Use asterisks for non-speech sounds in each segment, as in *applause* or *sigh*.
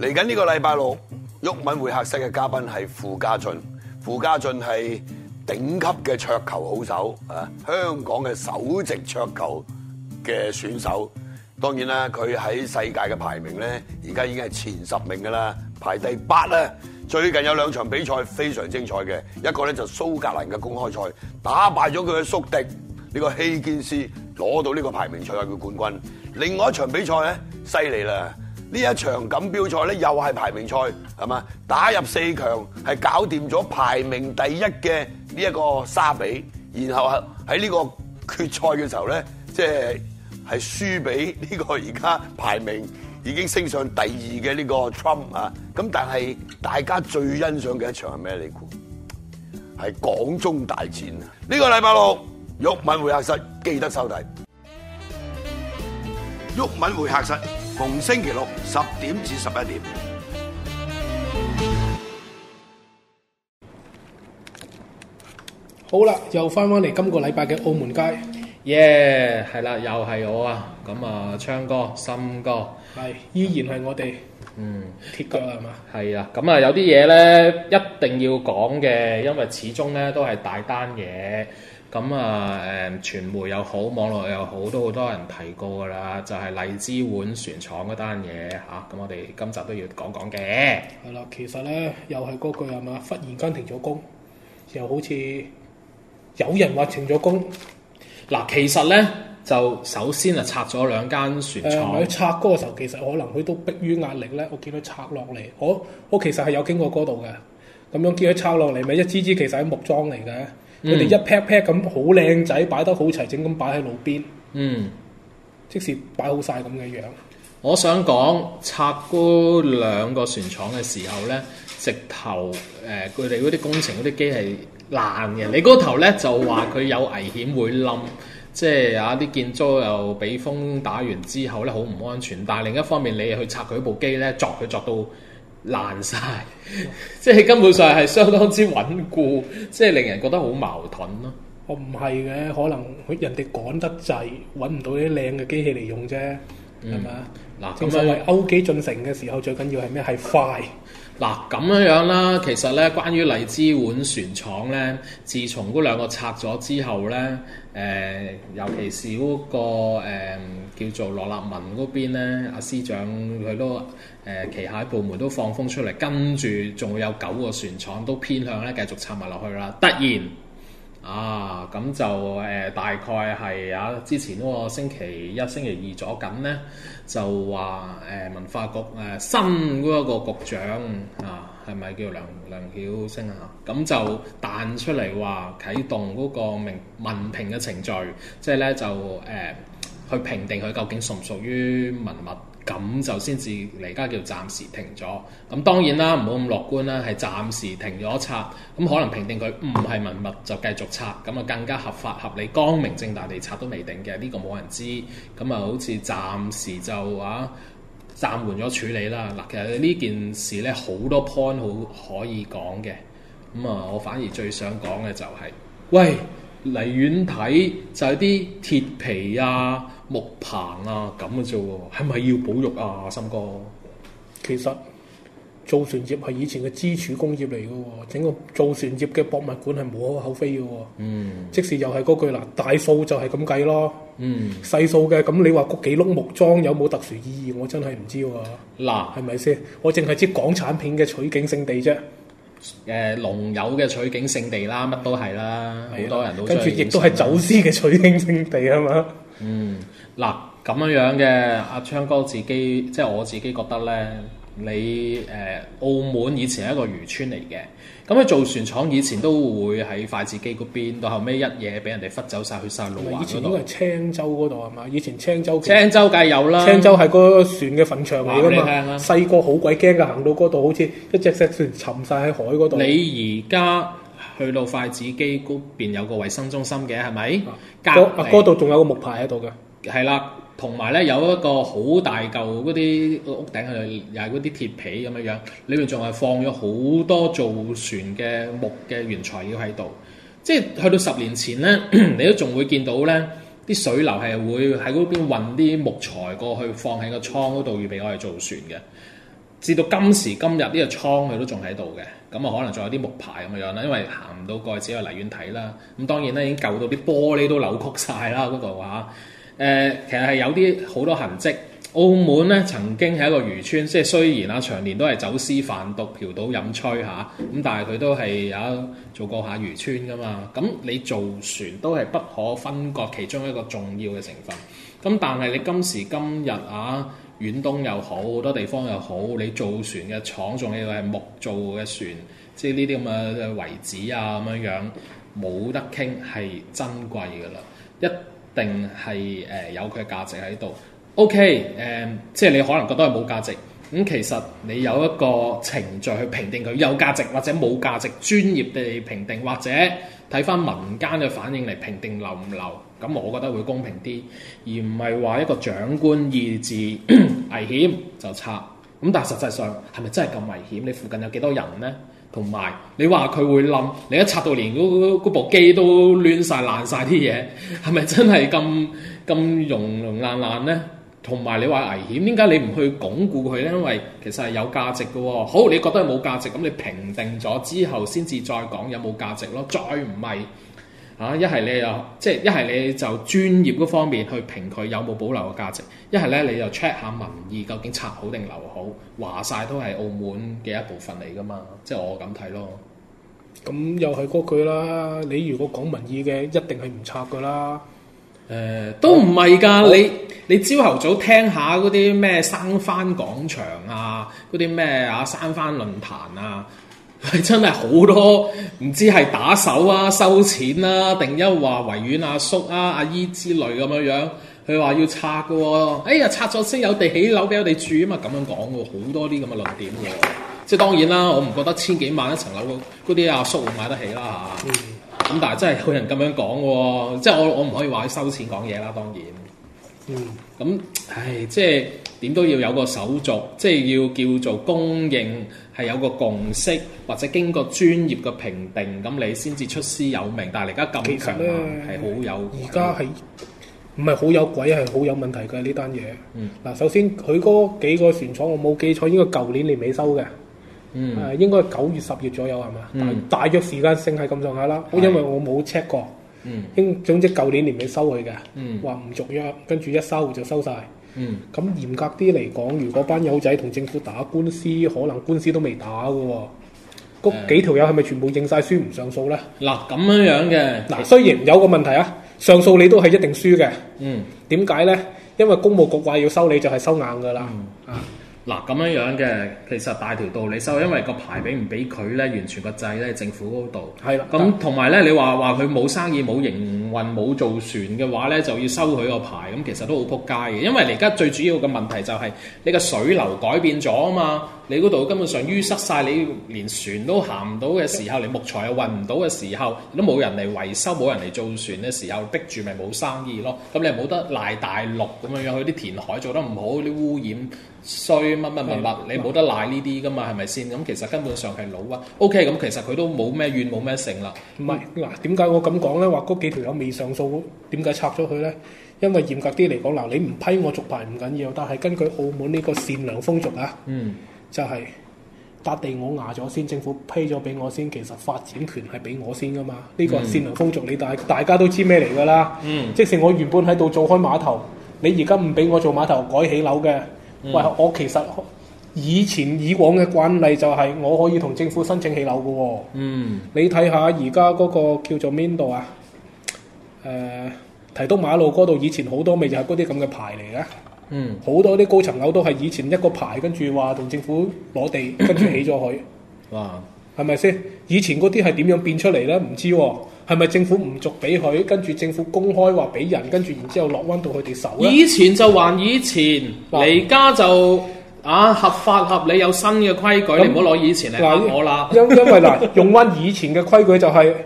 嚟緊呢個禮拜六，毓民會客室嘅嘉賓係傅家俊。傅家俊係頂級嘅桌球好手啊，香港嘅首席桌球嘅選手。當然啦，佢喺世界嘅排名咧，而家已經係前十名噶啦，排第八咧。最近有兩場比賽非常精彩嘅，一個咧就蘇格蘭嘅公開賽，打敗咗佢嘅宿敵呢個希堅斯，攞到呢個排名賽嘅冠軍。另外一場比賽咧，犀利啦！呢一場錦標賽咧，又係排名賽，係嘛？打入四強係搞掂咗排名第一嘅呢一個沙比，然後喺呢個決賽嘅時候咧，即係係輸俾呢個而家排名已經升上第二嘅呢個 Trump 啊！咁但係大家最欣賞嘅一場係咩？你估係港中大戰啊！呢個禮拜六，玉敏會客室記得收睇。玉敏會客室。逢星期六十點至十一點，好啦，又翻返嚟今個禮拜嘅澳門街，耶，係啦，又係我啊，咁啊，鏘哥、森哥，係，依然係我哋，嗯，鐵腳係嘛，係啊，咁啊，有啲嘢咧一定要講嘅，因為始終咧都係大單嘢。咁啊誒，傳媒又好，網絡又好，都好多人提過㗎啦，就係、是、荔枝碗船廠嗰單嘢嚇。咁、啊、我哋今集都要講講嘅。係啦，其實咧又係嗰句係嘛，忽然間停咗工，又好似有人話停咗工。嗱、啊，其實咧就首先啊拆咗兩間船廠。誒、呃，佢拆嗰個時候其實可能佢都迫於壓力咧，我見佢拆落嚟，我、哦、我其實係有經過嗰度嘅。咁樣見佢拆落嚟，咪一支支其實係木樁嚟嘅。佢哋一排排咁好靚仔，擺得好齊整咁擺喺路邊，嗯，即使擺好晒咁嘅樣，樣。我想講拆嗰兩個船廠嘅時候呢，直頭誒，佢哋嗰啲工程嗰啲機係爛嘅。你嗰頭呢，就話佢有危險會冧，即係有啲建築又俾風打完之後呢，好唔安全。但係另一方面，你去拆佢部機呢，鑿佢鑿到。爛晒，即係根本上係相當之穩固，即係令人覺得好矛盾咯。我唔係嘅，可能佢人哋趕得滯，揾唔到啲靚嘅機器嚟用啫，係嘛？嗱，正所謂，勾機進城嘅時候，嗯、最緊要係咩？係快。嗱，咁樣樣啦，其實咧，關於荔枝碗船廠咧，自從嗰兩個拆咗之後咧，誒、呃，尤其是嗰、嗰個、呃、叫做羅立文嗰邊咧，阿司長佢都誒、呃、旗下部門都放風出嚟，跟住仲會有九個船廠都偏向咧繼續拆埋落去啦，突然。啊，咁就誒、呃、大概係啊，之前嗰個星期一、星期二咗緊咧，就話誒、呃、文化局誒、呃、新嗰一個局長啊，係咪叫梁梁曉聲啊？咁就彈出嚟話啟動嗰個名文評嘅程序，即係咧就誒、是呃、去評定佢究竟屬唔屬於文物。咁就先至嚟，而家叫暫時停咗。咁當然啦，唔好咁樂觀啦，係暫時停咗拆。咁可能評定佢唔係文物，就繼續拆。咁啊，更加合法合理、光明正大地拆都未定嘅，呢個冇人知。咁啊，好似暫時就啊暫緩咗處理啦。嗱，其實呢件事呢，好多 point 好可以講嘅。咁啊，我反而最想講嘅就係，喂離遠睇就係啲鐵皮啊，木棚啊咁嘅啫喎，係咪要保育啊？森哥，其實造船業係以前嘅支柱工業嚟嘅喎，整個造船業嘅博物館係冇可厚非嘅喎。嗯，即使又係嗰句嗱，大數就係咁計咯。嗯，細數嘅咁，你話嗰幾碌木樁有冇特殊意義？我真係唔知喎、啊。嗱喇，係咪先？我淨係知港產片嘅取景勝地啫。誒、呃，龍友嘅取景勝地啦，乜都係啦，好、啊、多人都跟住，亦都係走私嘅取景勝地啊嘛。嗯。嗱咁樣樣嘅，阿昌哥自己即係我自己覺得咧，你誒澳門以前係一個漁村嚟嘅，咁佢做船廠以前都會喺筷子基嗰邊，到後尾一嘢俾人哋忽走晒去沙路。以前應該係青州嗰度係嘛？以前青州。青州梗係有啦。青州係個船嘅墳場嚟㗎嘛。細個好鬼驚㗎，行到嗰度好似一隻隻船沉晒喺海嗰度。你而家去到筷子基嗰邊有個衞生中心嘅係咪？隔度仲有個木牌喺度嘅。係啦，同埋咧有一個好大嚿嗰啲屋頂，佢又係嗰啲鐵皮咁樣樣，裏面仲係放咗好多造船嘅木嘅原材料喺度。即係去到十年前咧， *coughs* 你都仲會見到咧啲水流係會喺嗰邊運啲木材過去，放喺個倉嗰度，預備我哋造船嘅。至到今時今日，呢個倉佢都仲喺度嘅，咁啊可能仲有啲木牌咁嘅樣啦，因為行唔到過去，只有離遠睇啦。咁當然咧，已經舊到啲玻璃都扭曲晒啦，嗰度嚇。誒、呃，其實係有啲好多痕跡。澳門咧曾經係一個漁村，即係雖然啊，長年都係走私、販毒、嫖賭、飲吹嚇，咁但係佢都係有、啊、做過下漁村噶嘛。咁、嗯、你造船都係不可分割其中一個重要嘅成分。咁、嗯、但係你今時今日啊，遠東又好，好多地方又好，你造船嘅廠仲要係木造嘅船，即係呢啲咁嘅遺址啊咁樣樣，冇得傾係珍貴噶啦一。定係誒有佢嘅價值喺度。O K 誒，即係你可能覺得係冇價值，咁、嗯、其實你有一個程序去評定佢有價值或者冇價值，專業地評定或者睇翻民間嘅反應嚟評定留唔留。咁、嗯、我覺得會公平啲，而唔係話一個長官意志 *coughs* 危險就拆。咁但係實際上係咪真係咁危險？你附近有幾多人呢？同埋你話佢會冧，你一拆到連嗰部機都亂晒爛晒啲嘢，係咪真係咁咁容容爛爛咧？同埋你話危險，點解你唔去鞏固佢咧？因為其實係有價值嘅喎、哦。好，你覺得係冇價值，咁你評定咗之後先至再講有冇價值咯。再唔係。啊！一係你又即係，一係你就專業嗰方面去評佢有冇保留嘅價值；一係咧你就 check 下民意究竟拆好定留好？話晒都係澳門嘅一部分嚟噶嘛，即係我咁睇咯。咁、嗯、又係嗰句啦！你如果講民意嘅，一定係唔拆噶啦。誒、呃，都唔係㗎，你你朝頭早聽下嗰啲咩生返廣場啊，嗰啲咩啊生返論壇啊。係真係好多唔知係打手啊、收錢啊、定一話維園阿叔啊、阿姨之類咁樣樣，佢話要拆嘅喎、哦。哎呀，拆咗先有地起樓俾我哋住啊嘛，咁樣講喎，好多啲咁嘅論點喎。即係當然啦，我唔覺得千幾萬一層樓嗰啲阿叔會買得起啦嚇。咁、嗯、但係真係有人咁樣講喎，即係我我唔可以話佢收錢講嘢啦，當然。嗯。咁唉，即係點都要有個手續，即係要叫做供應。係有個共識，或者經過專業嘅評定，咁你先至出師有名。但係而家咁上下，係好有而家係唔係好有鬼？係好有問題嘅呢單嘢。嗱，嗯、首先佢嗰幾個船廠，我冇記錯，應該舊年年尾收嘅。嗯，應該九月十月左右係嘛？嗯、大約時間升係咁上下啦。嗯、因為我冇 check 過。嗯，總之舊年，年年尾收佢嘅，話唔續約，跟住一收就收晒。嗯，咁嚴格啲嚟講，如果班友仔同政府打官司，可能官司都未打㗎喎，嗰幾條友係咪全部認晒輸唔上訴呢？嗱、嗯，咁樣樣嘅，嗱，雖然有個問題啊，上訴你都係一定輸嘅。嗯，點解呢？因為公務局話要收你，就係收硬噶啦、嗯。嗯。嗯嗱咁樣樣嘅，其實大條道理，收，因為個牌俾唔俾佢咧，完全個制咧政府嗰度。係啦的，咁同埋咧，你話話佢冇生意、冇營運、冇造船嘅話咧，就要收佢個牌，咁其實都好撲街嘅。因為而家最主要嘅問題就係、是、你個水流改變咗啊嘛，你嗰度根本上淤塞晒，你連船都行唔到嘅時候，你木材又運唔到嘅時候，都冇人嚟維修，冇人嚟造船嘅時候，逼住咪冇生意咯。咁你冇得賴大陸咁樣樣，佢啲填海做得唔好，啲污染。衰乜乜乜乜，是你冇得賴呢啲噶嘛，係咪先？咁其實根本上係老啊。OK，咁其實佢都冇咩怨，冇咩成啦。唔係嗱，點解我咁講咧？話嗰幾條友未上訴，點解拆咗佢咧？因為嚴格啲嚟講，嗱，你唔批我續牌唔緊要，但係根據澳門呢個善良風俗啊，嗯，就係、是、笪地我牙咗先，政府批咗俾我先，其實發展權係俾我先噶嘛。呢、這個善良風俗，嗯、你大大家都知咩嚟㗎啦。嗯，即使我原本喺度做開碼頭，你而家唔俾我做碼頭，改起樓嘅。嗯、喂，我其實以前以往嘅慣例就係我可以同政府申請起樓嘅喎。嗯，你睇下而家嗰個叫做邊度啊？誒、呃，提督馬路嗰度以前好多咪就係嗰啲咁嘅牌嚟嘅。嗯，好多啲高層樓都係以前一個牌跟住話同政府攞地、嗯、跟住起咗佢。哇，係咪先？以前嗰啲係點樣變出嚟咧？唔知喎、哦。係咪政府唔續俾佢？跟住政府公開話俾人，跟住然之後落灣到佢哋手。以前就還以前，而家哇就啊合法合理有新嘅規矩，嗯、你唔好攞以前嚟揼我啦。因因為嗱，用翻以前嘅規矩就係、是，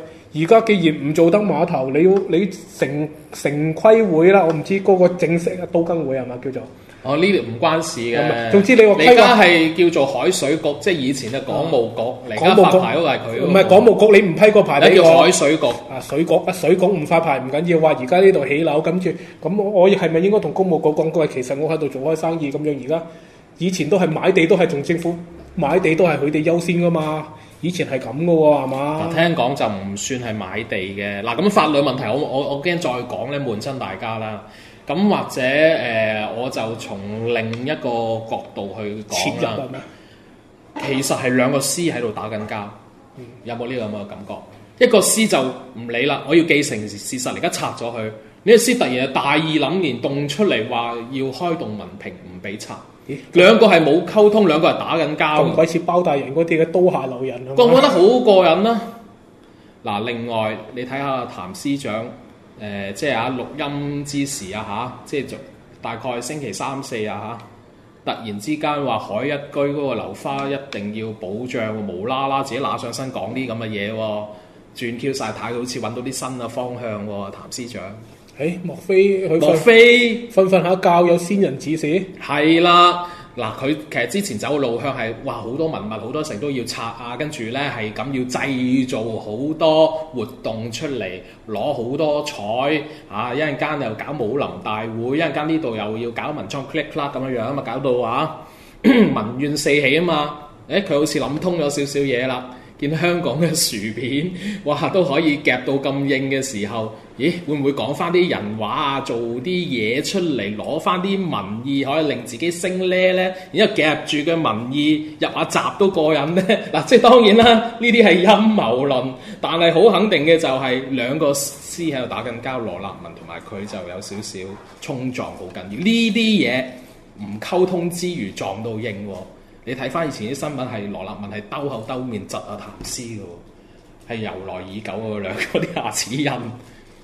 而家既然唔做得碼頭，你要你成成規會啦，我唔知嗰個正式嘅都更會係咪叫做。哦，呢條唔關事嘅。總之你話批翻係叫做海水局，啊、即係以前嘅港務局嚟。而家發牌都係佢。唔係港務局，港務局你唔批個牌畀我，你叫海水局。啊，水局啊，水局唔發牌唔緊要。話而家呢度起樓，跟住咁，我係咪應該同公務局講過？佢其實我喺度做開生意咁樣。而家以前都係買地都係同政府買地都係佢哋優先噶嘛。以前係咁噶喎，係嘛？聽講就唔算係買地嘅。嗱，咁法律問題，我我我驚再講咧，悶親大家啦。咁或者誒、呃，我就從另一個角度去講啦，其實係兩個司喺度打緊交、嗯這個，有冇呢個咁嘅感覺？一個司就唔理啦，我要既成事實，而家拆咗佢。呢、這個司突然大義凜然，而動出嚟話要開動文評，唔俾拆。咦兩個係冇溝通，兩個係打緊交，咁鬼似包大人嗰啲嘅刀下留人。嗯、是是我覺得好過癮啦！嗱，另外你睇下譚司長。誒、呃、即係啊錄音之時啊吓，即係從大概星期三四啊吓、啊，突然之間話海一居嗰個樓花一定要保障、哦，無啦啦自己揦上身講啲咁嘅嘢喎，轉 Q 晒軚，好似揾到啲新嘅方向喎、哦，譚司長。誒，莫非佢？莫非瞓瞓下覺有仙人指示？係啦、啊。 *laughs* 嗱，佢其實之前走嘅路向係話好多文物、好多城都要拆啊，跟住咧係咁要製造好多活動出嚟，攞好多彩啊！一陣間又搞武林大會，一陣間呢度又要搞文創 click click clack 咁樣樣啊嘛，搞到啊民 *coughs* 怨四起啊嘛，誒、欸、佢好似諗通咗少少嘢啦。見香港嘅薯片，哇都可以夾到咁硬嘅時候，咦會唔會講翻啲人話啊，做啲嘢出嚟攞翻啲民意，可以令自己升呢？咧，然之後夾住嘅民意入下閘都過癮呢？嗱， *laughs* 即係當然啦，呢啲係陰謀論，但係好肯定嘅就係兩個師喺度打緊交，羅立文同埋佢就有少少衝撞，好緊要。呢啲嘢唔溝通之餘撞到硬喎、哦。你睇翻以前啲新聞，係羅立文係兜口兜面窒啊，譚司嘅，係由來已久嗰兩個啲牙齒印，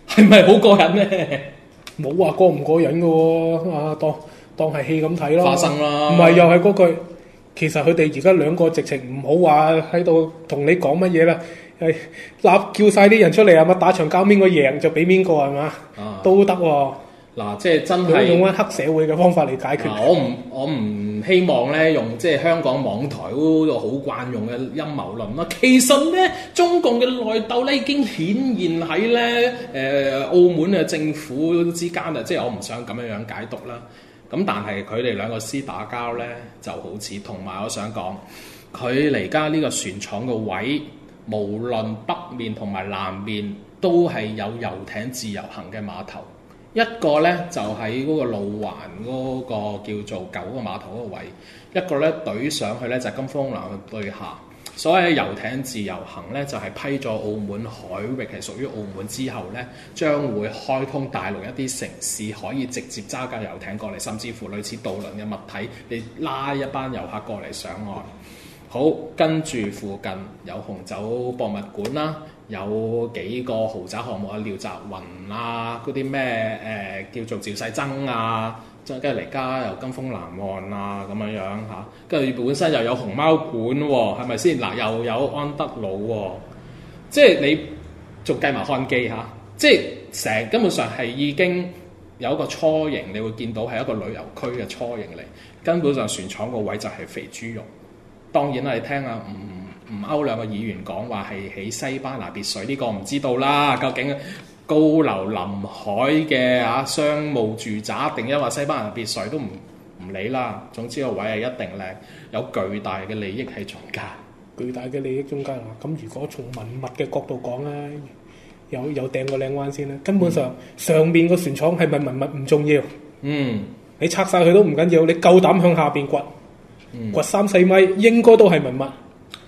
係咪好過癮咧？冇話過唔過癮嘅喎、啊，啊，當當係戲咁睇咯，發生啦，唔係又係嗰句，其實佢哋而家兩個直情唔好話喺度同你講乜嘢啦，係立叫晒啲人出嚟啊！咪打場交，邊個贏就俾邊個係嘛？都得喎。嗱，即係真係用黑社會嘅方法嚟解決。嗱，我唔我唔希望咧用即係香港網台嗰個好慣用嘅陰謀論啦。其實咧，中共嘅內鬥咧已經顯現喺咧誒澳門嘅政府之間啦。即係我唔想咁樣樣解讀啦。咁但係佢哋兩個師打交咧就好似同埋，我想講佢嚟家呢個船廠嘅位，無論北面同埋南面都係有遊艇自由行嘅碼頭。一個咧就喺嗰個路環嗰個叫做九嗰個碼頭嗰個位，一個咧隊上去咧就金峯南去對下。所謂遊艇自由行咧，就係、是、批咗澳門海域係屬於澳門之後咧，將會開通大陸一啲城市可以直接揸架遊艇過嚟，甚至乎類似渡輪嘅物體，你拉一班遊客過嚟上岸。好，跟住附近有紅酒博物館啦。有幾個豪宅項目啊，廖澤雲啊，嗰啲咩誒叫做趙世曾啊，即係跟住嚟家又金峰南岸啊咁樣樣嚇，跟、啊、住本身又有熊貓館喎、啊，係咪先？嗱又有安德魯喎、啊，即係你仲計埋漢基嚇，即係成日根本上係已經有一個初型，你會見到係一個旅遊區嘅初型嚟，根本上船廠個位就係肥豬肉，當然你聽阿吳。嗯吳歐兩個議員講話係喺西班牙別墅，呢、這個唔知道啦。究竟高樓臨海嘅啊，商務住宅定抑或西班牙別墅都唔唔理啦。總之個位係一定靚，有巨大嘅利益喺中間，巨大嘅利益中間啊！咁如果從文物嘅角度講咧，有有掟個靚灣先啦。根本上、嗯、上面個船廠係咪文物唔重要？嗯，你拆晒佢都唔緊要，你夠膽向下邊掘，掘三四米應該都係文物。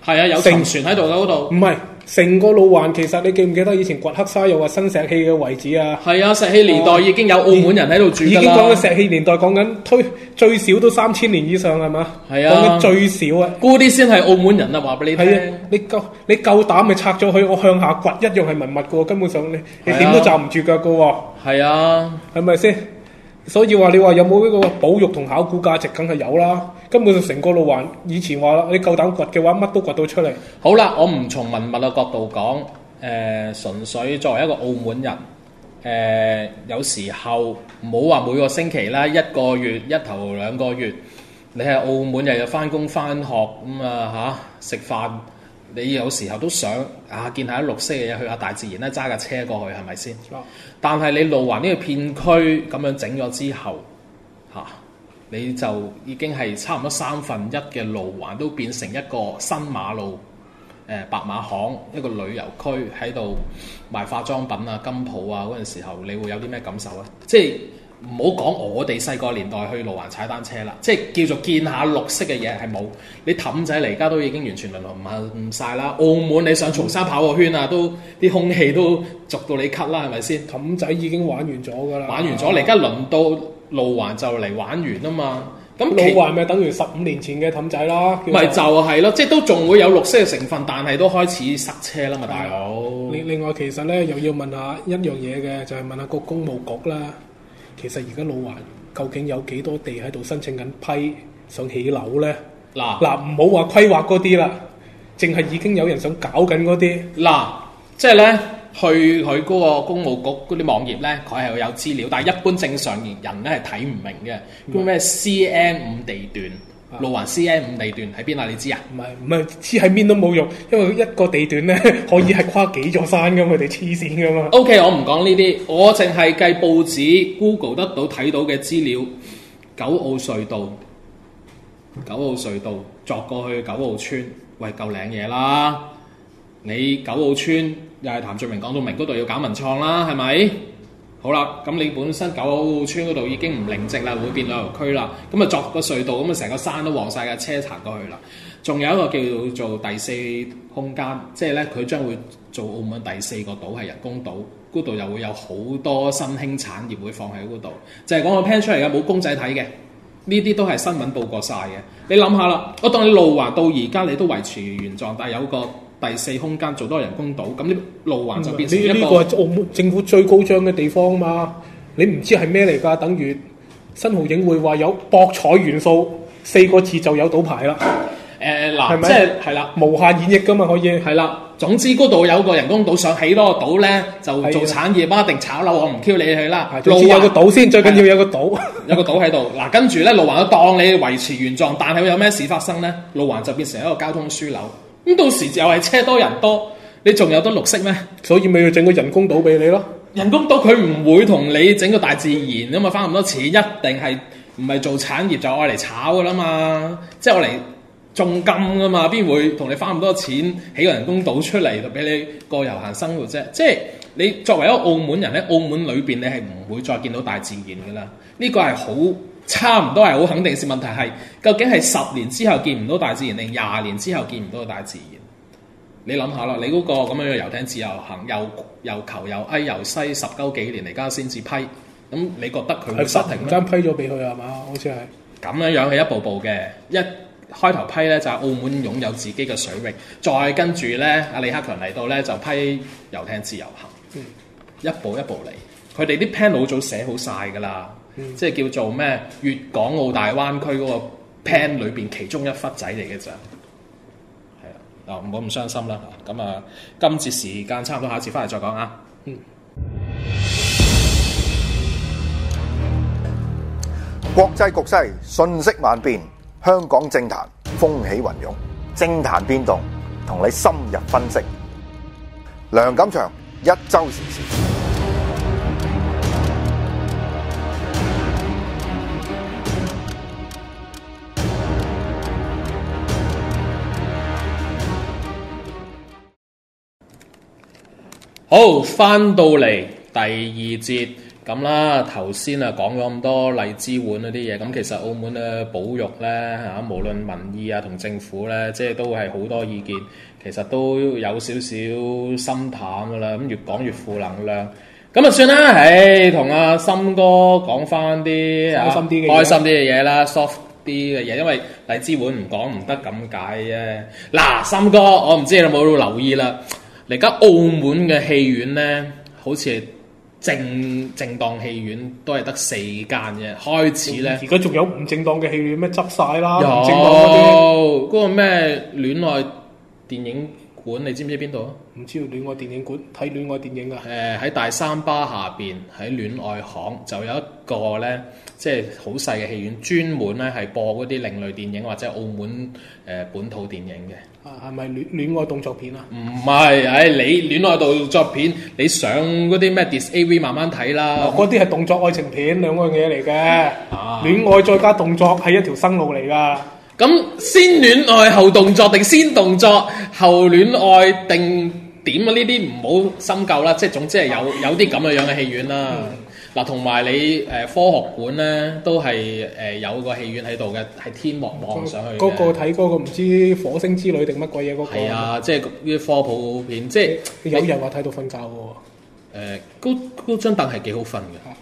係啊，有船成船喺度啦，嗰度唔係成個路環。其實你記唔記得以前掘黑沙又話新石器嘅遺址啊？係啊，石器年代已經有澳門人喺度住，已經講緊石器年代，講緊推最少都三千年以上係嘛？係啊，講緊最少啊，嗰啲先係澳門人啊，話俾你聽。係啊，你夠你夠膽咪拆咗佢？我向下掘一樣係文物噶，根本上你你點都站唔住腳噶。係啊，係咪先？所以話你話有冇呢個保育同考古價值，梗係有啦。根本就成個路環，以前話你夠膽掘嘅話，乜都掘到出嚟。好啦，我唔從文物嘅角度講，誒、呃，純粹作為一個澳門人，誒、呃，有時候唔好話每個星期啦，一個月一頭兩個月，你喺澳門日日翻工翻學咁、嗯、啊嚇，食飯。你有時候都想啊見下啲綠色嘅嘢，去下大自然咧，揸架車過去係咪先？是是嗯、但係你路環呢個片區咁樣整咗之後，嚇、啊、你就已經係差唔多三分一嘅路環都變成一個新馬路，呃、白馬行一個旅遊區喺度賣化妝品啊、金鋪啊嗰陣時候，你會有啲咩感受咧？即係。唔好講我哋細個年代去路環踩單車啦，即係叫做見下綠色嘅嘢係冇。你氹仔嚟，而家都已經完全淪落唔晒啦。澳門你想重山跑個圈啊，都啲空氣都濁到你咳啦，係咪先？氹仔已經玩完咗㗎啦，玩完咗，而家的輪到路環就嚟玩完啊嘛。咁路環咪等於十五年前嘅氹仔啦，咪就係咯，即係都仲會有綠色嘅成分，但係都開始塞車啦嘛，的大佬哥。另另外其實咧，又要問下一樣嘢嘅，就係問下個公務局啦。其實而家路環究竟有幾多地喺度申請緊批想起樓呢？嗱嗱唔好話規劃嗰啲啦，淨係已經有人想搞緊嗰啲。嗱，即係呢，去佢嗰個公務局嗰啲網頁呢，佢係會有資料，但係一般正常人呢係睇唔明嘅。咩是？CM 五地段。路環 C A 五地段喺邊啊？你知啊？唔係唔係，黐喺邊都冇用，因為一個地段咧可以係跨幾座山咁，佢哋黐線噶嘛。O、okay, K，我唔講呢啲，我淨係計報紙 Google 得到睇到嘅資料。九澳隧道，九澳隧道，作過去九澳村，喂夠靚嘢啦！你九澳村又係譚俊明講到明，嗰度要搞文創啦，係咪？好啦，咁你本身九澳村嗰度已經唔寧靜啦，會變旅遊區啦。咁啊作個隧道，咁啊成個山都黃晒㗎，車行過去啦。仲有一個叫做第四空間，即係咧佢將會做澳門第四個島係人工島，嗰度又會有好多新興產業會放喺嗰度。就係講我 plan 出嚟嘅冇公仔睇嘅，呢啲都係新聞報過晒嘅。你諗下啦，我當你路環到而家你都維持原狀，但係有個。第四空間做多人工島，咁啲路環就變成一個。呢個係澳門政府最高賬嘅地方嘛？你唔知係咩嚟㗎？等於新濠影匯話有博彩元素，四個字就有賭牌啦。誒嗱，係咪？即係係啦，無限演繹㗎嘛可以。係啦，總之嗰度有個人工島想起多個島咧，就做產業巴的定炒樓，我唔 c 你去啦。路環有個島先，最緊要有個島，的 *laughs* 有個島喺度。嗱，跟住咧路環都當你維持原狀，但係有咩事發生咧，路環就變成一個交通樞紐。咁到時又係車多人多，你仲有得綠色咩？所以咪要整個人工島俾你咯。人工島佢唔會同你整個大自然啊嘛，花咁多錢一定係唔係做產業就愛嚟炒噶啦嘛，即係我嚟種金噶嘛，邊會同你花咁多錢起個人工島出嚟就俾你過悠閒生活啫？即係你作為一個澳門人喺澳門裏邊你係唔會再見到大自然噶啦，呢、呢個係好差唔多係好肯定事，問題係究竟係十年之後見唔到大自然，定廿年之後見唔到大自然？你諗下咯，你嗰個咁樣嘅遊艇自由行，又又求又矮又西，十鳩幾年嚟，家先至批。咁你覺得佢會實停咩？批咗俾佢係嘛？好似係咁樣樣，佢一步步嘅，一開頭批呢，就係澳門擁有自己嘅水域，再跟住呢，阿李克強嚟到呢，就批遊艇自由行，嗯、一步一步嚟。佢哋啲 plan 好早寫好晒㗎啦。即係叫做咩？粵港澳大灣區嗰個 plan 裏邊其中一忽仔嚟嘅咋。係啦，嗱，唔好咁傷心啦，咁啊今次時間差唔多，下次翻嚟再講啊。嗯。國際局勢瞬息萬變，香港政壇風起雲湧，政壇變動同你深入分析。梁錦祥一周時事。好，翻到嚟第二節咁啦。頭先啊講咗咁多荔枝碗嗰啲嘢，咁其實澳門咧保育咧嚇，無論民意啊同政府咧，即係都係好多意見，其實都有少少心淡噶啦。咁越講越負能量，咁啊算啦，唉，同阿森哥講翻啲開心啲嘅嘢啦，soft 啲嘅嘢，因為荔枝碗唔講唔得咁解啫。嗱，森哥，我唔知你有冇留意啦。嗯而家澳門嘅戲院咧，好似係正正當戲院都係得四間嘅，開始咧。而家仲有唔正當嘅戲院咩？執晒啦！有唔正當。嗰個咩戀愛電影？館，你知唔知邊度啊？唔知道，戀愛電影館睇戀愛電影㗎。誒喺、呃、大三巴下邊，喺戀愛巷就有一個咧，即係好細嘅戲院，專門咧係播嗰啲另類電影或者澳門誒、呃、本土電影嘅。啊，係咪戀戀愛動作片啊？唔係，係、哎、你戀愛動作片，你上嗰啲咩 disav 慢慢睇啦。嗰啲係動作愛情片兩樣嘢嚟嘅，啊、戀愛再加動作係一條生路嚟㗎。咁先戀愛後動作定先動作後戀愛定點啊？呢啲唔好深究啦，即係總之係有有啲咁嘅樣嘅戲院啦。嗱、嗯，同埋你誒科學館咧都係誒有個戲院喺度嘅，係天幕望上去。嗰、嗰個睇嗰個唔知火星之旅定乜鬼嘢嗰個。係啊，即係啲科普片，即係。有人話睇到瞓覺喎。誒，嗰嗰張凳係幾好瞓嘅。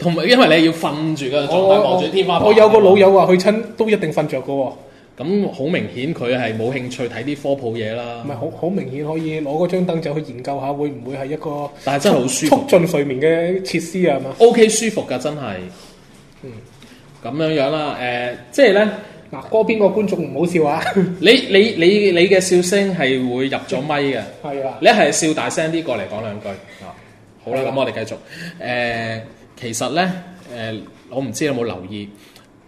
同埋，因為你要瞓住嘅狀態望住天花板。我有個老友話佢親都一定瞓着嘅喎。咁好明顯佢係冇興趣睇啲科普嘢啦。唔係，好好明顯可以攞嗰張凳仔去研究下，會唔會係一個促進睡眠嘅設施啊？嘛，OK，舒服噶，真係。嗯，咁樣樣啦。誒，即係咧嗱，哥邊個觀眾唔好笑啊？你你你你嘅笑聲係會入咗咪嘅。係啊。你係笑大聲啲過嚟講兩句。啊，好啦，咁我哋繼續誒。其實咧，誒、呃、我唔知你有冇留意，誒、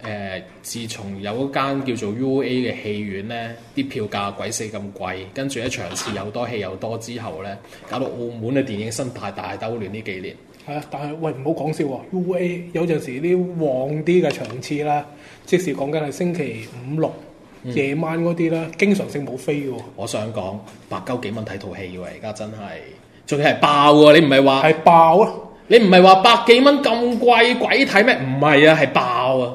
呃、自從有一間叫做 U A 嘅戲院咧，啲票價鬼死咁貴，跟住啲場次又多戲又多之後咧，搞到澳門嘅電影生態大，大，大兜亂呢幾年。係啊，但係喂唔好講笑喎，U A 有陣時啲旺啲嘅場次啦，即使講緊係星期五六夜晚嗰啲啦，嗯、經常性冇飛喎。我想講百鳩幾蚊睇套戲喎，而家真係，仲要係爆喎，你唔係話係爆啊！你唔係話百幾蚊咁貴鬼睇咩？唔係啊，係爆啊！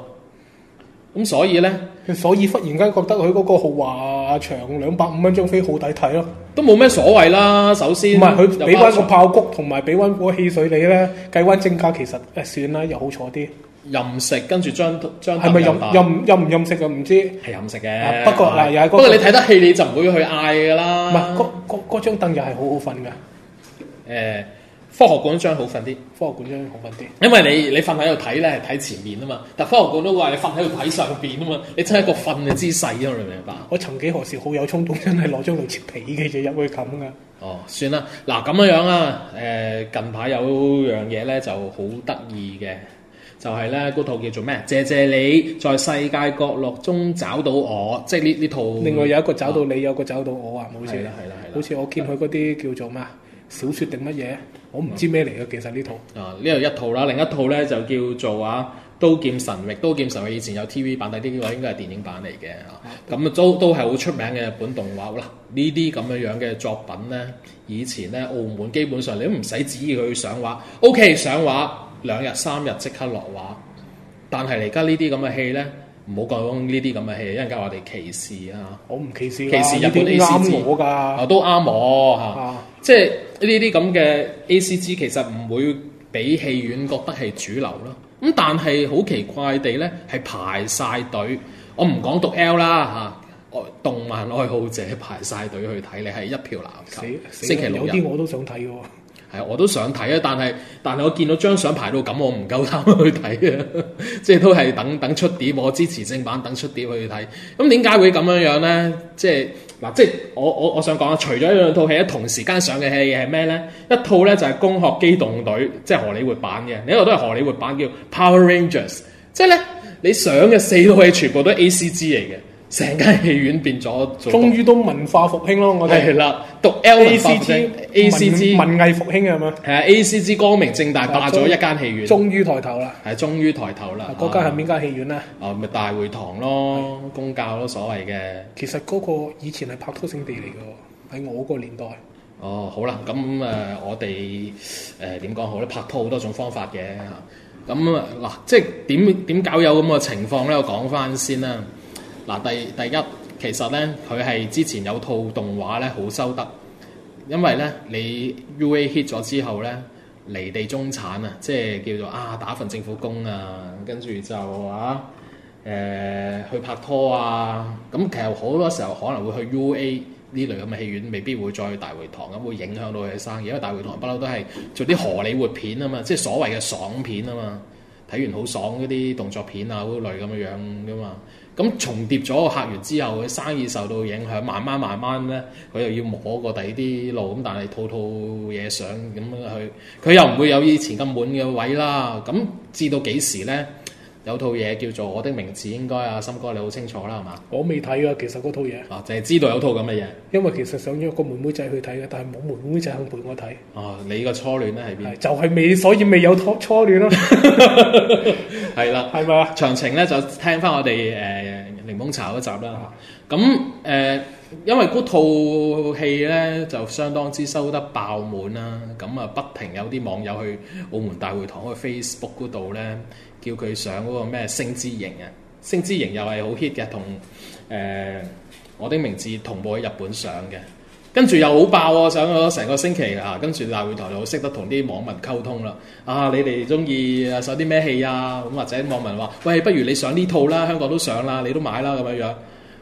咁所以咧，所以忽然間覺得佢嗰個豪華場兩百五蚊張飛好抵睇咯，都冇咩所謂啦。首先唔係佢俾翻個爆谷，同埋俾翻個汽水你咧，計翻正價其實誒、嗯啊，算啦，又好坐啲。任食，跟住將將係咪任任任唔任食嘅唔知？係任食嘅，不過嗱，不過你睇得戲你就唔會去嗌噶啦。唔係，嗰嗰張凳又係好好瞓噶。誒、欸。科學館張好瞓啲，科學館張好瞓啲，因為你你瞓喺度睇咧，係睇前面啊嘛。但科學館都話你瞓喺度睇上邊啊嘛，你真係一個瞓嘅姿勢，你明唔明白？我曾幾何時好有衝動，真係攞張嚟切皮嘅嘢入去冚噶。哦，算啦，嗱咁樣啊，誒近排有樣嘢咧就好得意嘅，就係咧嗰套叫做咩？謝謝你在世界角落中找到我，即係呢呢套。另外有一個找到你，啊、有個找到我啊，好似係啦係啦，好似我見佢嗰啲叫做咩？小説定乜嘢？我唔知咩嚟嘅，其實呢套啊，呢度一套啦，另一套咧就叫做啊《刀劍神域》。《刀劍神域》以前有 TV 版，但呢啲，應該係電影版嚟嘅。咁、啊啊、都都係好出名嘅日本動畫。嗱，呢啲咁樣樣嘅作品咧，以前咧澳門基本上你都唔使指意佢去上畫。OK，上畫兩日三日即刻落畫，但係而家呢啲咁嘅戲咧。唔好講呢啲咁嘅戲，一陣間我哋歧視啊！我唔歧視，歧視日本呢啲啱我㗎、啊，都啱我嚇、啊啊。即係呢啲咁嘅 A C G，其實唔會俾戲院覺得係主流咯。咁但係好奇怪地咧，係排晒隊。我唔講讀 L 啦嚇，愛、啊、動漫愛好者排晒隊去睇，你係一票難求。星期六有啲我都想睇喎。係，我都想睇啊！但係但係我見到張相排到咁，我唔夠膽去睇啊。即 *laughs* 係都係等等出碟，我支持正版，等出碟去睇。咁點解會咁樣樣咧？即係嗱，即、啊、係、就是、我我我想講啊，除咗呢兩套戲一同時間上嘅戲係咩咧？一套咧就係《攻殼機動隊》，即係荷里活版嘅；另一個都係荷里活版叫《Power Rangers》，即係咧你上嘅四套戲全部都係 A C G 嚟嘅。成間戲院變咗，終於都文化復興咯！我哋係啦，讀 L A C T A C G, A C G 文藝復興啊嘛，係啊 A C G 光明正大霸咗一間戲院終，終於抬頭啦！係終於抬頭啦！嗰間係邊間戲院咧？哦，咪大會堂咯，公教咯，所謂嘅。其實嗰個以前係拍拖聖地嚟噶，喺我個年代。哦，好啦，咁誒，我哋誒點講好咧？拍拖好多種方法嘅，咁啊嗱，即係點點搞有咁嘅情況咧？我講翻先啦。嗱，第第一其實咧，佢係之前有套動畫咧好收得，因為咧你 UA hit 咗之後咧，離地中產啊，即係叫做啊打份政府工啊，跟住就啊誒、呃、去拍拖啊，咁、嗯、其實好多時候可能會去 UA 呢類咁嘅戲院，未必會再去大會堂咁，會影響到佢嘅生意，因為大會堂不嬲都係做啲荷里活片啊嘛，即係所謂嘅爽片啊嘛，睇完好爽嗰啲動作片啊嗰類咁嘅樣噶嘛。咁重疊咗個客源之後，佢生意受到影響，慢慢慢慢咧，佢又要摸過第啲路，咁但係套套嘢上咁樣去，佢又唔會有以前咁滿嘅位啦。咁至到幾時咧？有套嘢叫做《我的名字》，應該阿森哥你好清楚啦，係嘛？我未睇啊，其實嗰套嘢。哦、啊，就係知道有套咁嘅嘢。因為其實想約個妹妹仔去睇嘅，但係冇妹妹仔肯陪我睇。哦、啊，你個初戀咧喺邊？就係、是、未，所以未有初初戀咯。係啦。係嘛？詳情咧就聽翻我哋誒、呃、檸檬茶嗰集啦。咁誒的。因為嗰套戲呢，就相當之收得爆滿啦，咁啊不停有啲網友去澳門大會堂嗰個 Facebook 嗰度呢，叫佢上嗰個咩聲之形啊，聲之形又係好 hit 嘅，同誒、呃、我的名字同步喺日本上嘅，跟住又好爆喎、啊，上咗成個星期啊，跟住大會堂又識得同啲網民溝通啦，啊你哋中意上啲咩戲啊，咁或者網民話，喂不如你上呢套啦，香港都上啦，你都買啦咁樣樣，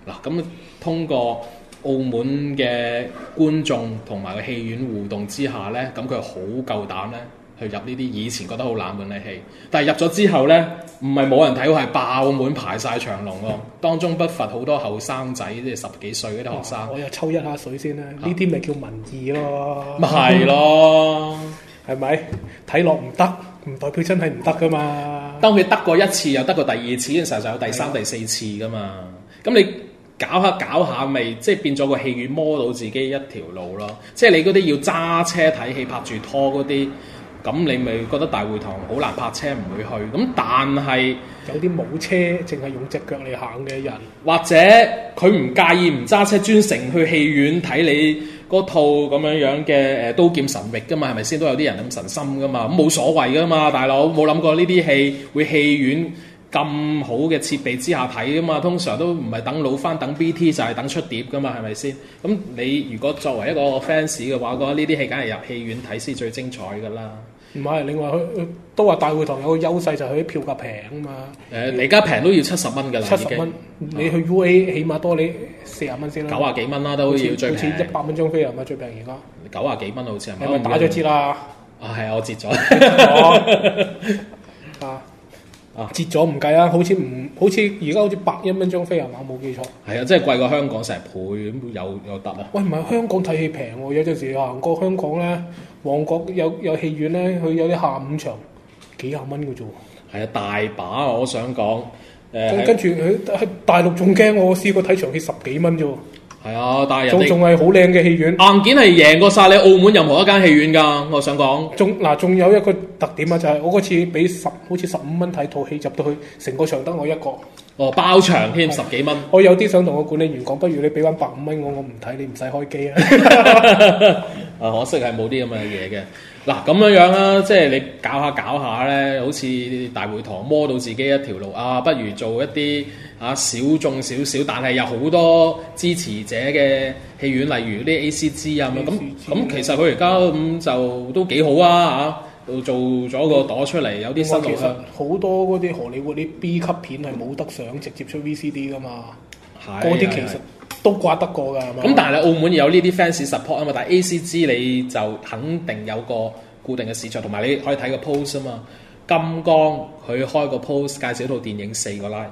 嗱、啊、咁通過。澳門嘅觀眾同埋個戲院互動之下呢，咁佢好夠膽呢去入呢啲以前覺得好冷門嘅戲，但係入咗之後呢，唔係冇人睇，係爆滿排晒長龍喎，嗯、當中不乏好多後生仔，即係十幾歲嗰啲學生。我又抽一下水先啦，呢啲咪叫民意咯，咪係咯，係咪睇落唔得，唔 *laughs* 代表真係唔得噶嘛。當佢得過一次，又得過第二次嘅時候，就、嗯、有第三、對第四次噶嘛。咁你？搞下搞下，咪即係變咗個戲院摸到自己一條路咯。即係你嗰啲要揸車睇戲、拍住拖嗰啲，咁你咪覺得大會堂好難泊車唔會去。咁但係有啲冇車，淨係用隻腳嚟行嘅人，或者佢唔介意唔揸車專程去戲院睇你嗰套咁樣樣嘅誒刀劍神域㗎嘛？係咪先都有啲人咁神心㗎嘛？咁冇所謂㗎嘛，大佬冇諗過呢啲戲會戲院。咁好嘅設備之下睇噶嘛，通常都唔係等老翻，等 BT 就係等出碟噶嘛，係咪先？咁你如果作為一個 fans 嘅話，我覺得呢啲戲梗係入戲院睇先最精彩噶啦。唔係，另外佢都話大會堂有個優勢就係佢啲票價平啊嘛。誒、呃，而家平都要七十蚊噶啦。七十蚊，經你去 UA、啊、起碼多你四十蚊先啦。九啊幾蚊啦，都好要最好似一百蚊張飛啊嘛，最平而家。九啊幾蚊好似。係咪打咗折啦？啊，係啊，我折咗。啊。啊！折咗唔計啊，好似唔好似而家好似百一蚊張飛啊嘛，冇記錯。係啊，真係貴過香港成倍咁，有有得啊？喂，唔係香港睇戲平喎、啊，有陣時行過香港咧，旺角有有戲院咧，佢有啲下午場幾廿蚊嘅啫喎。係啊，大把、啊、我想講。咁、呃、跟住佢喺大陸仲驚，我試過睇場戲十幾蚊啫喎。係啊，但係人仲仲係好靚嘅戲院，硬件係贏過晒你澳門任何一間戲院㗎。我想講，仲嗱仲有一個特點啊，就係、是、我嗰次俾十，好似十五蚊睇套戲入到去，成個場得我一個。哦，包場添，十幾蚊、哦。我有啲想同個管理員講，不如你俾返百五蚊我，我唔睇，你唔使開機啊。啊 *laughs* *laughs* 可惜係冇啲咁嘅嘢嘅。嗱咁樣樣啦，即係你搞下搞下咧，好似大會堂摸到自己一條路啊，不如做一啲啊小眾少少，但係有好多支持者嘅戲院，例如啲 A C G 啊，咁 A C G。咁其實佢而家咁就都幾好啊嚇，做咗個朵出嚟，有啲新嘅。其實好多嗰啲荷里活啲 B 級片係冇得上，直接出 V C D 噶嘛，嗰啲係、啊、其實。都刮得過㗎，咁、嗯、但係澳門有呢啲 fans support 啊嘛，但係 ACG 你就肯定有個固定嘅市場，同埋你可以睇個 post 啊嘛。金剛佢開個 post 介紹一套電影四個 like，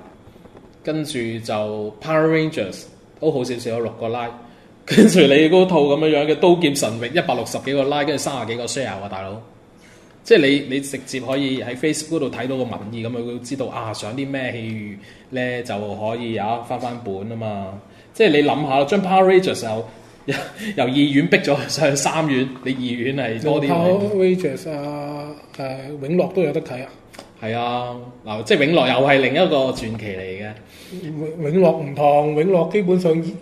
跟住就 Power Rangers 都好少少有六個 like，跟住你嗰套咁樣樣嘅刀劍神域一百六十幾個 like，跟住三十幾個 share 啊大佬。即係你你直接可以喺 Facebook 度睇到個民意咁樣，會知道啊想啲咩戲咧就可以有啊翻翻本啊嘛。即係你諗下咯，將 Power Rangers 由由二院逼咗上去三院，你二院係多啲。Power Rangers 啊，誒、呃、永樂都有得睇啊！係啊，嗱，即係永樂又係另一個傳奇嚟嘅、嗯。永樂永樂唔同永樂，基本上已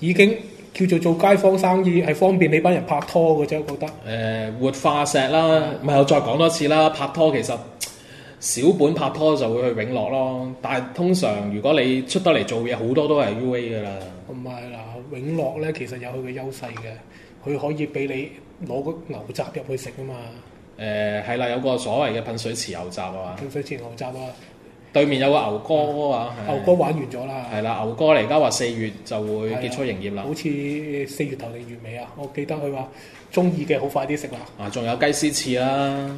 已經叫做做街坊生意，係方便你班人拍拖嘅啫，我覺得。誒、呃，活化石啦，唔是的 我再講多次啦，拍拖其實小本拍拖就會去永樂咯。但係通常如果你出得嚟做嘢，好多都係 UA 㗎啦。唔係嗱，永樂咧其實有佢嘅優勢嘅，佢可以俾你攞個牛雜入去食啊嘛。誒係啦，有個所謂嘅噴水池牛雜啊嘛。噴水池牛雜啊，對面有個牛哥啊。牛哥玩完咗啦。係啦，牛哥嚟而家話四月就會結束營業啦。好似四月頭定月尾啊？我記得佢話中意嘅好快啲食啦。啊，仲有雞絲翅啦，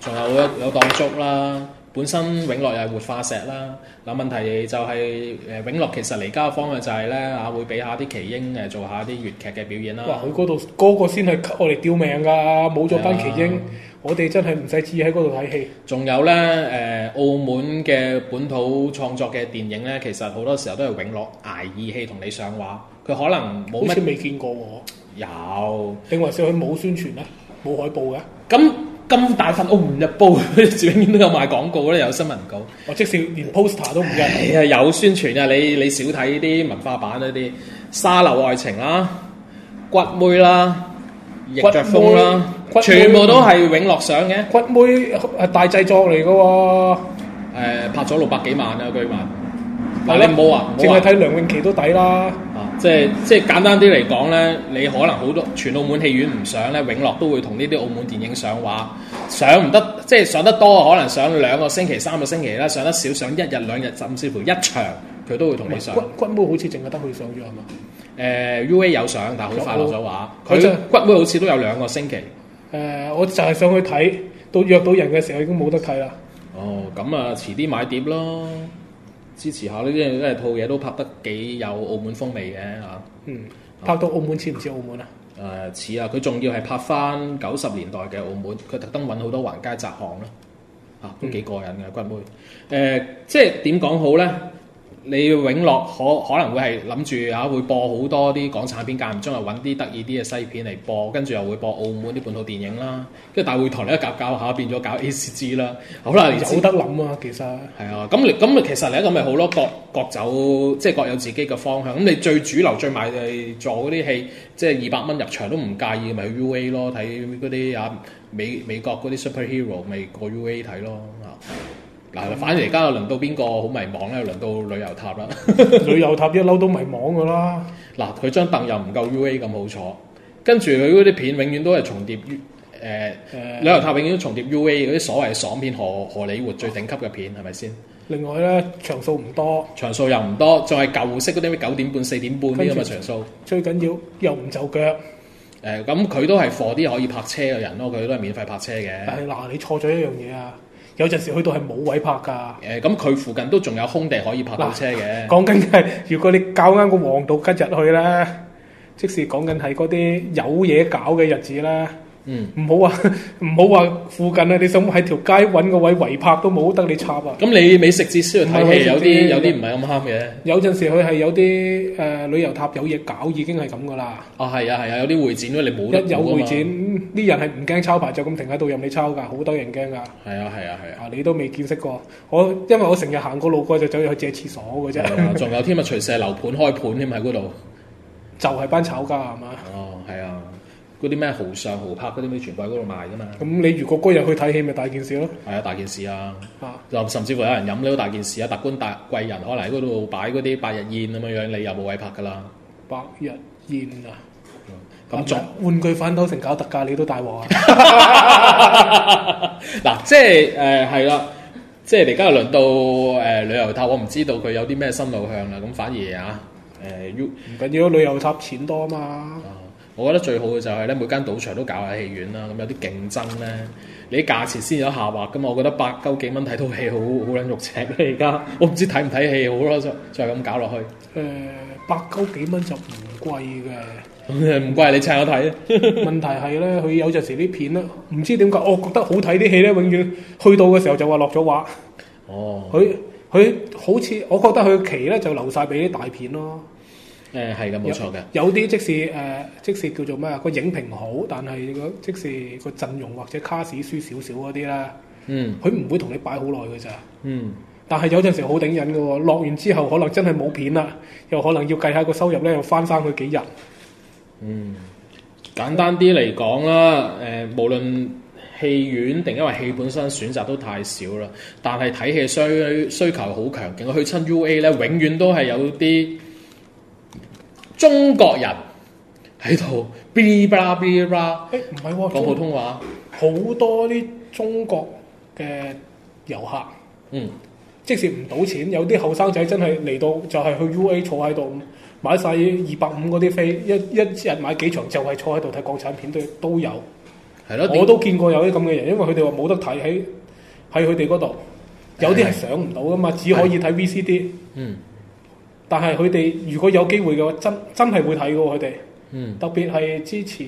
仲有有檔粥啦。本身永樂又係活化石啦，嗱問題就係誒永樂其實嚟家嘅方向就係咧啊，會俾下啲耆英誒做下啲粵劇嘅表演啦。哇！佢嗰度嗰個先係我哋吊命㗎，冇咗班耆英，啊、我哋真係唔使旨喺嗰度睇戲。仲有咧誒、呃，澳門嘅本土創作嘅電影咧，其實好多時候都係永樂挨義氣同你上畫，佢可能冇乜。都未見過我。有定還是佢冇宣傳咧？冇、嗯、海報嘅。咁。咁大份《澳門日報》永遠都有賣廣告咧，有新聞稿。我即使連 poster 都唔見。係啊，有宣傳啊！你你少睇啲文化版嗰啲《沙漏愛情》啦，《骨妹》啦，《逆著風》啦，全部都係永樂上嘅。《骨妹》係大製作嚟嘅喎。誒，拍咗六百幾萬啊，據聞。但係你唔好話，淨係睇梁詠琪都抵啦。即係即係簡單啲嚟講咧，你可能好多全澳門戲院唔上咧，永樂都會同呢啲澳門電影上畫。上唔得，即係上得多，可能上兩個星期、三個星期啦；上得少，上一日兩日，甚至乎一場，佢都會同你上。骨骨妹好似淨係得佢上咗，係嘛？誒、呃，U A 有上，但係好快落咗畫。佢骨妹好似都有兩個星期。誒、呃，我就係上去睇，到約到人嘅時候已經冇得睇啦。哦，咁啊，遲啲買碟咯。支持下呢啲，真係套嘢都拍得幾有澳門風味嘅嚇。嗯，啊、拍到澳門似唔似澳門啊？誒、嗯，似啊！佢仲要係拍翻九十年代嘅澳門，佢特登揾好多橫街窄巷啦。嚇、啊，都幾過癮嘅，骨妹。誒、啊，即係點講好咧？你永樂可可能會係諗住嚇，會播好多啲港產片，間唔中又揾啲得意啲嘅西片嚟播，跟住又會播澳門啲本土電影啦。跟住大會堂你一搞搞下，變咗搞 SG 啦。好啦，有得諗啊，其實。係啊，咁你咁其實你咁咪好咯，各各走，即係各有自己嘅方向。咁你最主流最賣座嗰啲戲，即係二百蚊入場都唔介意，咪去 UA 咯，睇嗰啲啊美美國嗰啲 Superhero，咪過 UA 睇咯啊。係啦，反而而家又輪到邊個好迷惘咧？又輪到旅遊塔啦。 *laughs* 旅遊塔一嬲都迷惘噶啦。嗱，佢張凳又唔夠 UA 咁好坐，跟住佢嗰啲片永遠都係重疊 U 誒、呃呃、旅遊塔永遠都重疊 UA 嗰啲所謂爽片，荷荷里活最頂級嘅片係咪、啊、先？另外咧，場數唔多，場數又唔多，仲係舊式嗰啲咩九點半、四點半啲咁嘅場數。最緊要又唔就腳。誒、呃，咁佢都係 for 啲可以泊車嘅人咯，佢都係免費泊車嘅。嗱、呃，你錯咗一樣嘢啊！有陣時去到係冇位泊噶，誒，咁佢附近都仲有空地可以泊到車嘅。講緊係，如果你搞啱個黃道吉日去啦，即使講緊係嗰啲有嘢搞嘅日子啦，嗯，唔好話唔好話附近啊，你想喺條街揾個位圍泊都冇得你插啊。咁你美食節需要睇戲有啲有啲唔係咁啱嘅。有陣時佢係有啲誒旅遊塔有嘢搞，已經係咁噶啦。啊，係啊係啊，有啲會展囉你冇得有會展。啲人係唔驚抄牌就咁停喺度任你抄㗎，好多人驚㗎。係啊係啊係啊！啊，啊，啊你都未見識過，我因為我成日行過路過就走過去借廁所嘅啫。仲有添啊，隨時樓盤開盤添喺嗰度，就係班炒家係嘛？哦，係啊，嗰啲咩豪尚豪拍嗰啲咩全部喺嗰度賣㗎嘛。咁你如果嗰日去睇戲咪大件事咯。係啊，大件事啊。啊甚至乎有人飲都大件事啊，特官大貴人可能喺嗰度擺嗰啲百日宴咁樣樣，你又冇位拍㗎啦。百日宴啊！咁仲玩具反斗城搞特價，你都大鑊啊！嗱，即係誒係啦，即係而家又輪到誒旅遊塔，我唔知道佢有啲咩新路向啦。咁反而啊誒，唔緊要，旅遊塔錢多嘛啊嘛。我覺得最好嘅就係咧，每間賭場都搞下戲院啦。咁有啲競爭咧。你價錢先有下滑噶、啊、嘛？我覺得百九幾蚊睇套戲，在看看戲好好撚肉赤。你而家，我唔知睇唔睇戲好咯，就就係咁搞落去。誒、呃，百九幾蚊就唔貴嘅，唔、嗯、貴你請我睇。 *laughs* 問題係咧，佢有陣時啲片咧，唔知點解，我覺得好睇啲戲咧，永遠去到嘅時候就話落咗畫。哦，佢佢好似，我覺得佢期咧就留晒俾啲大片咯。誒係嘅，冇錯嘅。有啲即使誒、呃，即使叫做咩啊，個影評好，但係個即使個陣容或者卡士輸少少嗰啲咧，嗯，佢唔會同你擺好耐㗎咋，嗯。但係有陣時好頂癮嘅喎，落完之後可能真係冇片啦，又可能要計下個收入咧，又翻翻去幾日。嗯，簡單啲嚟講啦，誒、呃，無論戲院定因為戲本身選擇都太少啦，但係睇戲需需求好強勁。我去親 UA 咧，永遠都係有啲，中國人喺度，bi 啦 bi 啦，誒唔係喎，講，欸啊、普通話，好多啲中國嘅遊客，嗯，即使唔賭錢，有啲後生仔真係嚟到就係、是，去 UA 坐喺度，買晒二百五嗰啲飛，一一日買幾場就係坐喺度睇港產片，都都有，係咯的，我都見過有啲咁嘅人，因為佢哋話冇得睇喺喺佢哋嗰度，有啲係上唔到噶嘛，的只可以睇 VCD，嗯。但係佢哋如果有機會嘅話，真真係會睇嘅佢哋。嗯。特別係之前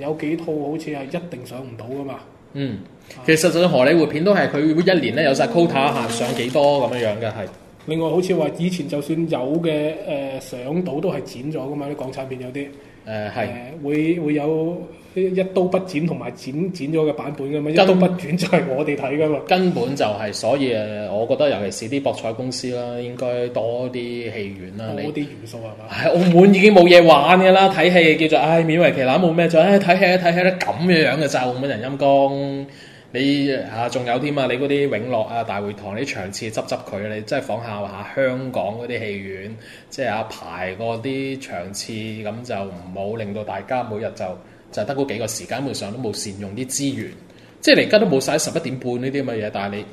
有幾套好似係一定上唔到㗎嘛。嗯。啊、其實上荷里活片都係佢一年咧有晒 quota 限上幾多咁樣樣嘅係。另外好似話以前就算有嘅，誒上到都係剪咗㗎嘛啲港產片有啲。誒係，呃、會會有一刀不剪同埋剪剪咗嘅版本咁樣，根一刀不剪就係我哋睇噶嘛。根本就係、是，所以我覺得尤其是啲博彩公司啦，應該多啲戲院啦。多啲元素係嘛？喺你吧澳門已經冇嘢玩嘅啦，睇戲叫做唉勉、哎、為其難冇咩做，睇戲睇戲咧咁樣樣嘅就澳門人陰功。你啊仲有添啊！嘛你嗰啲永樂啊、大會堂啲場次執執佢，你真係仿效下香港嗰啲戲院，即係啊排個啲場次，咁就唔好令到大家每日就就得嗰幾個時間上都冇善用啲資源。即係你而家都冇晒十一點半呢啲咁嘅嘢，但係你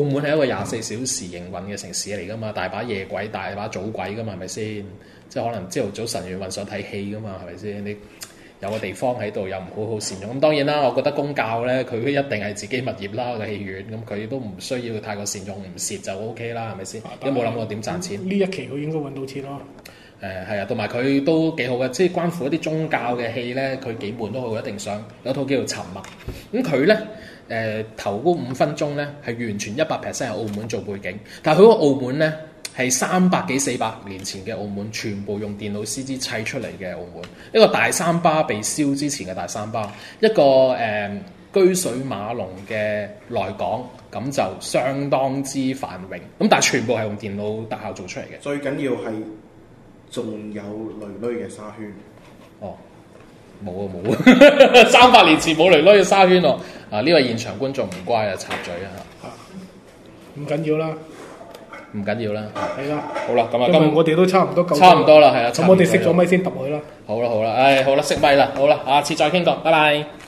澳門係一個廿四小時營運嘅城市嚟噶嘛，大把夜鬼、大把早鬼噶嘛，係咪先？即係可能朝頭早晨元運想睇戲噶嘛，係咪先？你？有個地方喺度又唔好好善用，咁當然啦。我覺得公教咧，佢一定係自己物業啦，戲院咁佢都唔需要太過善用，唔蝕就 OK 啦，係咪先？有冇諗過點賺錢？呢一期佢應該揾到錢咯。誒係、呃、啊，同埋佢都幾好嘅，即係關乎一啲宗教嘅戲咧，佢幾悶都好一定上。有套叫做《沉默》呢，咁佢咧誒頭嗰五分鐘咧係完全一百 percent 喺澳門做背景，但係佢個澳門咧。係三百幾四百年前嘅澳門，全部用電腦 CG 砌出嚟嘅澳門，一個大三巴被燒之前嘅大三巴，一個誒、呃、居水馬龍嘅內港，咁就相當之繁榮。咁但係全部係用電腦特效做出嚟嘅。最緊要係仲有雷濛嘅沙圈。哦，冇啊冇啊， *laughs* 三百年前冇雷濛嘅沙圈哦。啊，呢、這、位、個、現場觀眾唔乖啊，插嘴啊。啊，唔緊要啦。唔緊要啦，係啦，的好啦，咁今日我哋都差唔多夠，差唔多啦，係啊，咁我哋熄咗咪先揼佢啦，好啦好啦，唉，好啦，熄咪啦，好啦，下次再傾過，拜拜。